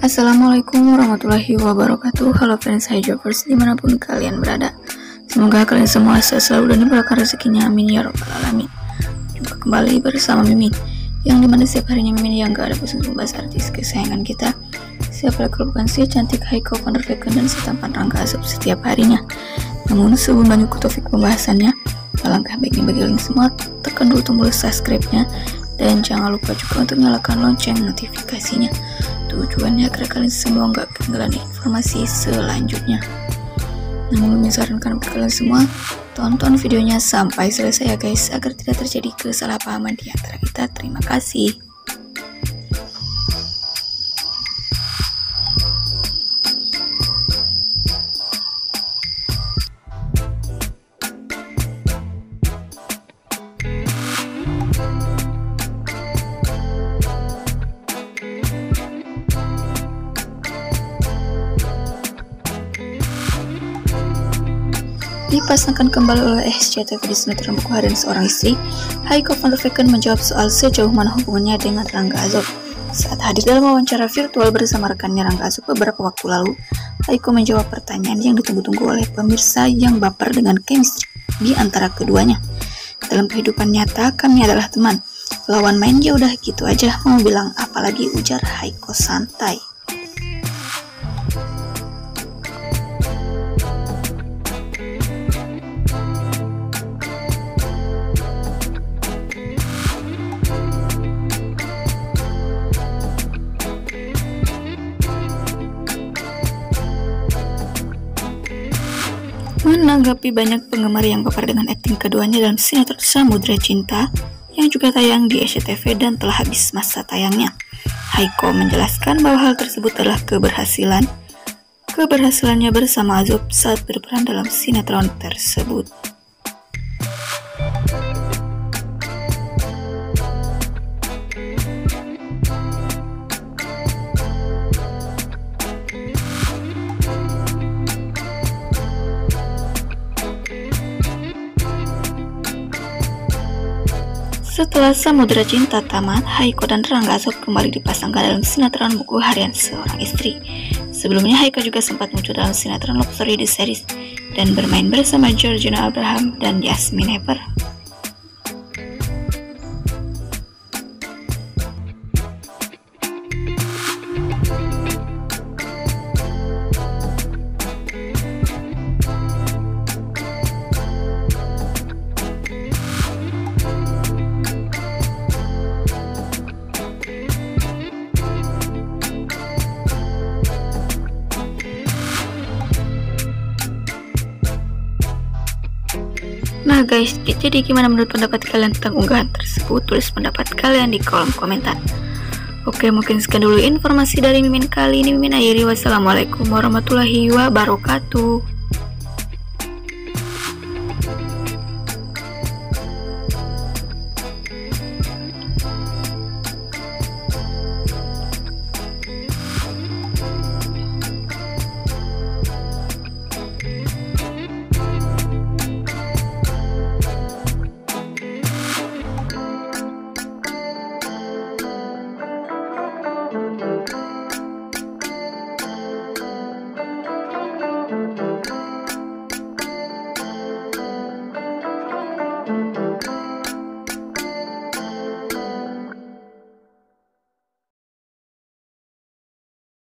Assalamualaikum warahmatullahi wabarakatuh Halo friends hijovers dimanapun kalian berada Semoga kalian semua sehat selalu dan diberikan rezekinya Amin ya robbal alamin Jumpa kembali bersama Mimin Yang dimana setiap harinya Mimin yang gak ada pesan membahas artis kesayangan kita Siapa yang bukan si cantik Haiko Penerdekan dan si tampan Rangga asup setiap harinya Namun sebelum lanjut ke topik pembahasannya Alangkah baiknya bagi kalian semua tekan dulu tombol subscribe-nya dan jangan lupa juga untuk nyalakan lonceng notifikasinya Tujuannya agar kalian semua nggak ketinggalan informasi selanjutnya. Namun menyarankan untuk kalian semua tonton videonya sampai selesai ya guys agar tidak terjadi kesalahpahaman di antara kita. Terima kasih. dipasangkan kembali oleh SCTV di sinetron Buku Harian Seorang Istri, Haiko van der Vecken menjawab soal sejauh mana hubungannya dengan Rangga Azok. Saat hadir dalam wawancara virtual bersama rekannya Rangga Azok beberapa waktu lalu, Haiko menjawab pertanyaan yang ditunggu-tunggu oleh pemirsa yang baper dengan chemistry di antara keduanya. Dalam kehidupan nyata, kami adalah teman. Lawan main ya udah gitu aja, mau bilang apalagi ujar Haiko santai. menanggapi banyak penggemar yang gemar dengan akting keduanya dalam sinetron Samudra Cinta yang juga tayang di SCTV dan telah habis masa tayangnya. Haiko menjelaskan bahwa hal tersebut adalah keberhasilan keberhasilannya bersama Azub saat berperan dalam sinetron tersebut. Setelah Samudra Cinta tamat, Haiko dan Rangga Azok kembali dipasangkan dalam sinetron buku harian seorang istri. Sebelumnya Haiko juga sempat muncul dalam sinetron Love Story di Series dan bermain bersama Georgina Abraham dan Yasmin Heper. Nah guys, jadi gimana menurut pendapat kalian tentang unggahan tersebut? Tulis pendapat kalian di kolom komentar. Oke, mungkin sekian dulu informasi dari Mimin kali ini. Mimin akhiri. Wassalamualaikum warahmatullahi wabarakatuh.